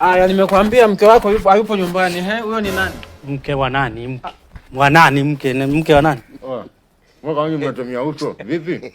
Aya, nimekuambia mke wako yupo hayupo nyumbani. He, huyo ni nani? Mke wa nani? Mke wa nani? Mke ni mke wa nani? Mnatumia uso vipi?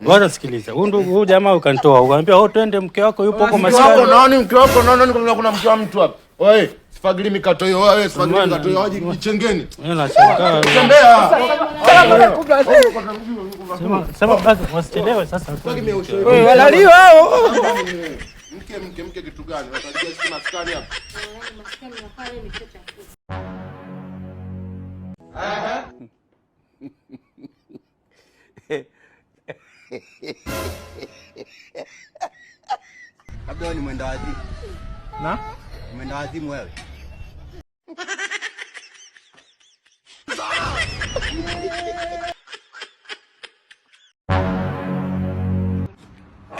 Bwana, sikiliza, huyu jamaa ukanitoa, ukaambia oh, twende, mke wako yupo huko maskani. Nani mke wako? Nani? Kuna kuna mke wa mtu hapa. Oi, sifagili mikato hiyo, wewe sifagili mikato hiyo, waje kichengeni. Nashangaa. Tembea. Sema basi, wasichelewe sasa. Wewe walalia hao. Mke mke mke kitu gani? Watajua sisi maskani hapa. Maskani hapa ni kitu cha Aha. Kabla ni mwenda wazi. Na? Mwenda wazi mwewe.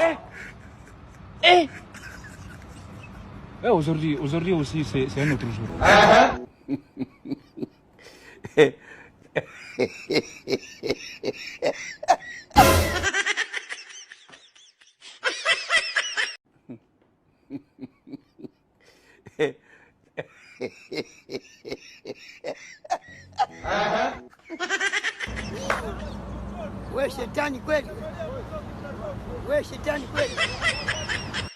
Eh. Eh. é aujourd'hui, aujourd'hui aussi, c'est, c'est un autre jour. Ah Wewe shetani kweli. Wewe shetani kweli.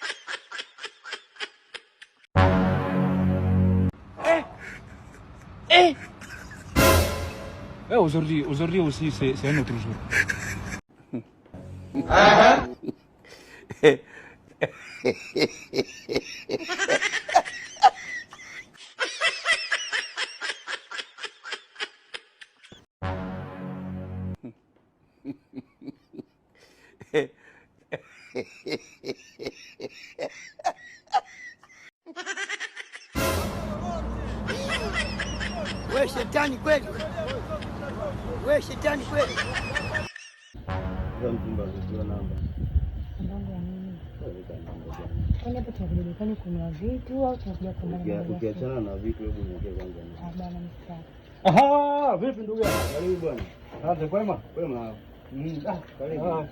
Eh Ouais, aujourd'hui, aujourd'hui aussi, c'est un autre jour. Ah We shetani kweli, we shetani kweli. Kuna vitu au tunakuja ukiachana na vitu, hebu niongee kwanza. Vipi ndugu yangu, karibu bwana. Kwema kwema, mm, ah, karibu ah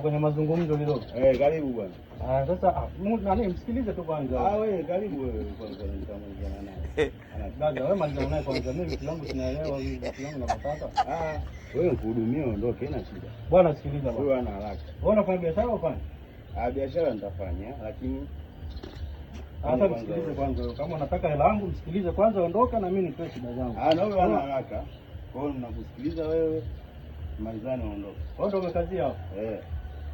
kwenye mazungumzo kidogo. Eh, karibu bwana. Ah, sasa ah, nani msikilize tu kwanza. Ah, wewe karibu wewe kwanza nitamwambia nani. Dada, wewe malizana naye kwanza. Mimi vitu vyangu sinaelewa, vitu vyangu napataka. Ah, wewe kuhudumia ondoke ina shida. Bwana sikiliza bwana. Wewe ana haraka. Wewe unafanya biashara au fanya? Ah, biashara nitafanya lakini hata ah, msikilize kwanza. Kama unataka hela yangu msikilize kwanza, ondoka na mimi nitoe shida zangu. Ah, na wewe ana haraka. Kwa hiyo ninakusikiliza wewe. Malizane ondoka. Wewe ndio umekazia hapo. Eh.